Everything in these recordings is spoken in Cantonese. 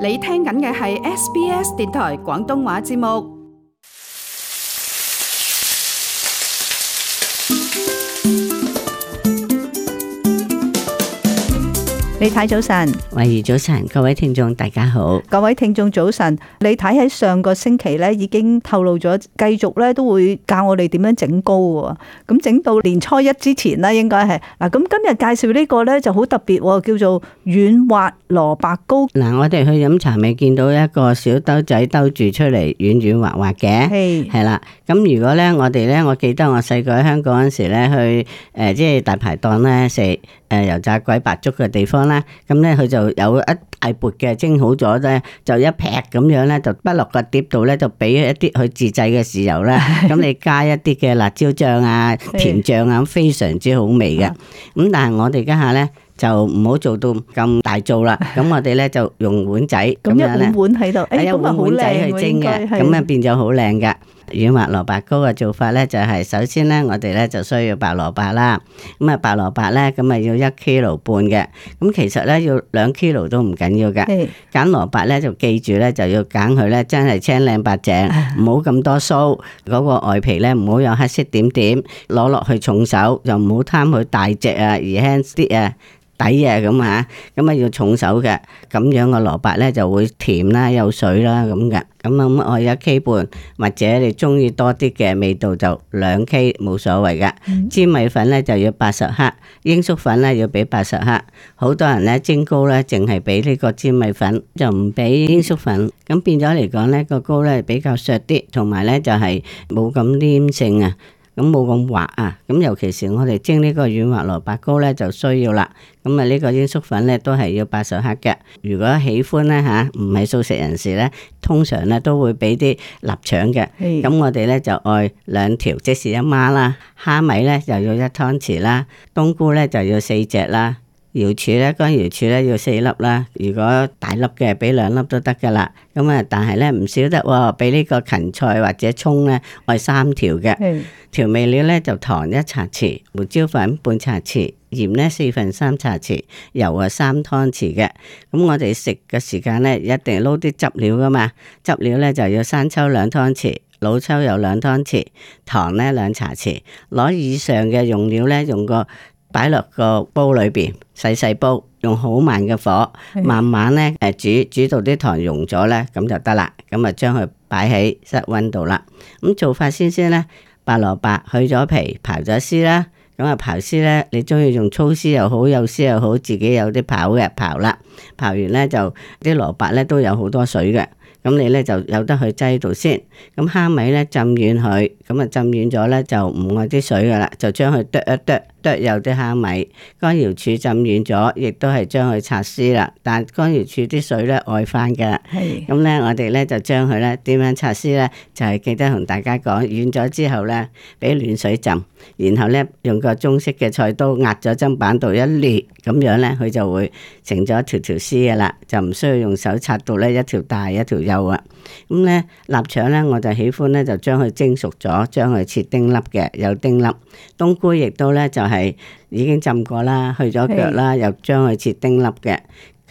你聽緊嘅係 SBS 電台廣東話節目。李太早晨。喂，早晨，各位聽眾大家好，各位聽眾早晨。你睇，喺上個星期咧，已經透露咗，繼續咧都會教我哋點樣整糕喎。咁整到年初一之前啦，應該係嗱。咁今日介紹呢個咧就好特別，叫做軟滑蘿蔔糕。嗱，我哋去飲茶咪見到一個小兜仔兜住出嚟，軟軟滑滑嘅，係係啦。咁如果咧，我哋咧，我記得我細個喺香港嗰陣時咧，去誒，即係大排檔咧食。誒油炸鬼白粥嘅地方啦，咁咧佢就有一大鉢嘅蒸好咗咧，就一劈咁樣咧，就擺落個碟度咧，就俾一啲佢自製嘅豉油啦，咁你加一啲嘅辣椒醬啊、甜醬啊，非常之好味嘅。咁但係我哋家下咧就唔好做到咁大做啦，咁我哋咧就用碗仔咁樣咧，係啊碗碗仔去蒸嘅，咁樣變咗好靚㗎。軟滑蘿蔔糕嘅做法咧，就係首先咧，我哋咧就需要白蘿蔔啦。咁啊，白蘿蔔咧，咁啊要一 kilo 半嘅。咁其實咧，要兩 kilo 都唔緊要㗎。揀蘿蔔咧，就記住咧，就要揀佢咧，真係青靚白淨，唔好咁多鬚，嗰個外皮咧唔好有黑色點點。攞落去重手，又唔好貪佢大隻啊，而輕啲啊。底啊咁啊，咁啊要重手嘅，咁樣個蘿蔔咧就會甜啦，有水啦咁嘅。咁啊咁，我一 K 半，或者你中意多啲嘅味道就兩 K 冇所謂噶。mm. 粘米粉咧就要八十克，鷹粟粉咧要俾八十克。好多人咧蒸糕咧淨係俾呢個粘米粉，就唔俾鷹粟粉，咁變咗嚟講咧個糕咧比較削啲，同埋咧就係冇咁黏性啊。咁冇咁滑啊！咁尤其是我哋蒸個軟呢個軟滑蘿蔔糕咧，就需要啦。咁啊，呢個鷹粟粉咧都係要八十克嘅。如果喜歡咧吓，唔、啊、係素食人士咧，通常咧都會俾啲臘腸嘅。咁是我哋咧就愛兩條即是一孖啦，蝦米咧就要一湯匙啦，冬菇咧就要四隻啦。瑤柱咧，乾瑤柱咧要四粒啦。如果大粒嘅，俾兩粒都得噶啦。咁啊，但係咧唔少得喎、哦。俾呢個芹菜或者蔥咧，我係三條嘅。是調味料咧就糖一茶匙，胡椒粉半茶匙，鹽咧四分三茶匙，油啊三湯匙嘅。咁、嗯、我哋食嘅時間咧，一定撈啲汁料噶嘛。汁料咧就要生抽兩湯匙，老抽有兩湯匙，糖咧兩茶匙。攞以上嘅用料咧，用個。擺落個煲裏邊，細細煲，用好慢嘅火，慢慢咧，誒煮，煮到啲糖溶咗咧，咁就得啦。咁啊，將佢擺喺室温度啦。咁做法先先咧，白蘿卜去咗皮，刨咗絲啦。咁啊，刨絲咧，你中意用粗絲又好，幼絲又好，自己有啲刨嘅刨啦。刨完咧就啲蘿卜咧都有好多水嘅，咁你咧就有得去擠度先。咁蝦米咧浸軟佢，咁啊浸軟咗咧就唔愛啲水噶啦，就將佢剁一剁。剁有啲蝦米，乾瑤柱浸軟咗，亦都係將佢拆絲啦。但乾瑤柱啲水咧外翻噶，咁咧是我哋咧就將佢咧點樣拆絲咧，就係、是、記得同大家講，軟咗之後咧，俾暖水浸，然後咧用個中式嘅菜刀壓咗砧板度一裂，咁樣咧佢就會成咗一條條絲噶啦，就唔需要用手拆到咧一條大一條幼啊。咁咧臘腸咧我就喜歡咧就將佢蒸熟咗，將佢切丁粒嘅，有丁粒冬菇亦都咧就是。係已經浸過啦，去咗腳啦，又將佢切丁粒嘅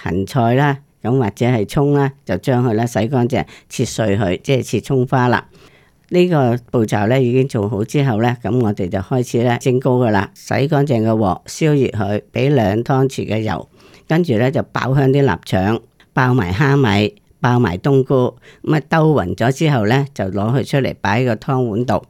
芹菜啦，咁或者係葱啦，就將佢咧洗乾淨，切碎佢，即係切葱花啦。呢個步驟咧已經做好之後咧，咁我哋就開始咧蒸糕噶啦。洗乾淨嘅鑊，燒熱佢，俾兩湯匙嘅油，跟住咧就爆香啲臘腸，爆埋蝦米，爆埋冬菇，咁啊兜匀咗之後咧，就攞佢出嚟擺喺個湯碗度。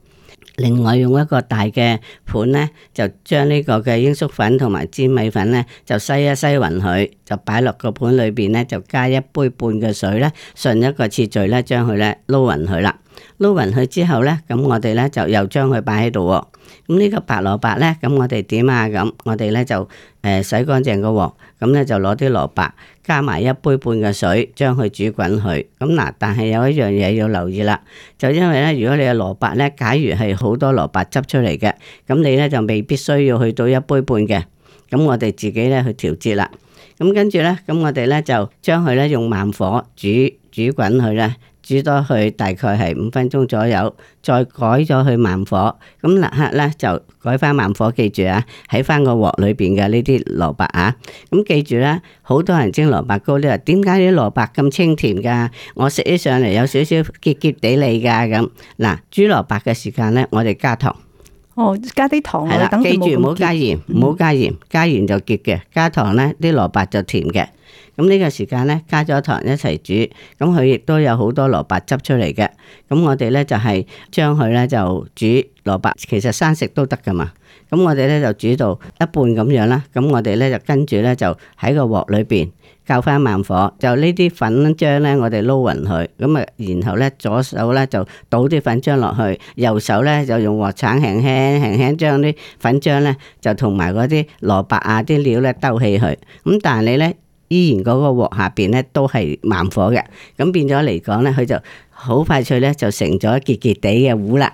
另外用一個大嘅盤咧，就將呢個嘅鷹粟粉同埋粘米粉咧，就篩一篩勻佢，就擺落個盤裏邊咧，就加一杯半嘅水咧，順一個次序咧，將佢咧撈勻佢啦。撈勻佢之後呢，咁我哋呢就又將佢擺喺度。咁呢個白蘿蔔呢，咁我哋點啊？咁我哋呢就誒洗乾淨個鑊，咁呢就攞啲蘿蔔加埋一杯半嘅水，將佢煮滾佢。咁嗱，但係有一樣嘢要留意啦，就因為呢，如果你嘅蘿蔔呢假如係好多蘿蔔汁，汁出嚟嘅，咁你呢就未必需要去到一杯半嘅。咁我哋自己呢去調節啦。咁跟住呢，咁我哋呢就將佢呢用慢火煮煮滾佢呢。煮多去大概係五分鐘左右，再改咗去慢火。咁立刻咧，就改翻慢火，記住啊，喺翻個鑊裏邊嘅呢啲蘿蔔啊。咁記住啦、啊，好多人蒸蘿蔔糕都話，點解啲蘿蔔咁清甜噶？我食起上嚟，有少少結結地利噶咁。嗱，煮蘿蔔嘅時間咧，我哋加糖。哦，加啲糖係啦，記住唔好加鹽，唔好加鹽，加鹽就結嘅，加糖咧啲蘿蔔就甜嘅。咁呢個時間呢，加咗糖一齊煮，咁佢亦都有好多蘿蔔汁出嚟嘅。咁我哋呢，就係將佢呢，就煮蘿蔔，其實生食都得㗎嘛。咁我哋呢，就煮到一半咁樣啦。咁我哋呢，就跟住呢，就喺個鑊裏邊較返慢火，就呢啲粉漿呢，我哋撈勻佢。咁啊，然後呢，左手呢，就倒啲粉漿落去，右手呢，就用鑊鏟輕輕輕輕將啲粉漿呢，就同埋嗰啲蘿蔔啊啲料呢，兜起去。咁但係你呢。依然嗰個鑊下邊咧都係慢火嘅，咁變咗嚟講咧，佢就好快脆咧就成咗結結地嘅糊啦。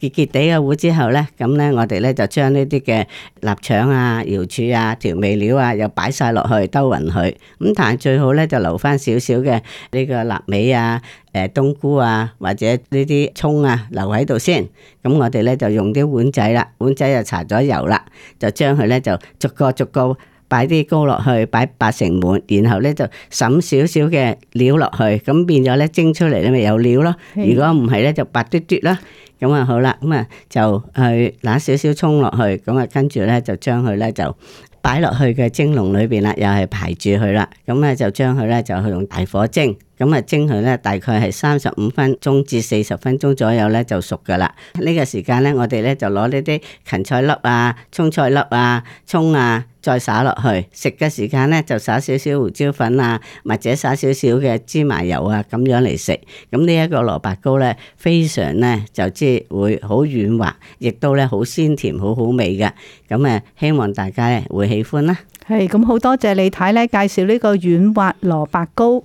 結結地嘅糊之後咧，咁咧我哋咧就將呢啲嘅臘腸啊、瑤柱啊、調味料啊又擺晒落去兜勻佢。咁但係最好咧就留翻少少嘅呢個臘味啊、誒、呃、冬菇啊或者呢啲葱啊留喺度先。咁我哋咧就用啲碗仔啦，碗仔就搽咗油啦，就將佢咧就逐個逐個。擺啲糕落去，擺八成滿，然後咧就滲少少嘅料落去，咁變咗咧蒸出嚟咧咪有料咯。如果唔係咧就白嘟嘟啦。咁啊好啦，咁啊就去攞少少葱落去，咁啊跟住咧就將佢咧就擺落去嘅蒸籠裏邊啦，又係排住佢啦。咁咧就將佢咧就去用大火蒸。咁啊蒸佢咧，大概係三十五分鐘至四十分鐘左右咧就熟噶啦。呢個時間咧，我哋咧就攞呢啲芹菜粒啊、蔥菜粒啊、蔥啊，再撒落去。食嘅時間咧，就撒少少胡椒粉啊，或者撒少少嘅芝麻油啊，咁樣嚟食。咁呢一個蘿蔔糕咧，非常咧就即係會好軟滑，亦都咧好鮮甜，好好味嘅。咁啊，希望大家會喜歡啦。係，咁好多謝李太咧介紹呢個軟滑蘿蔔糕。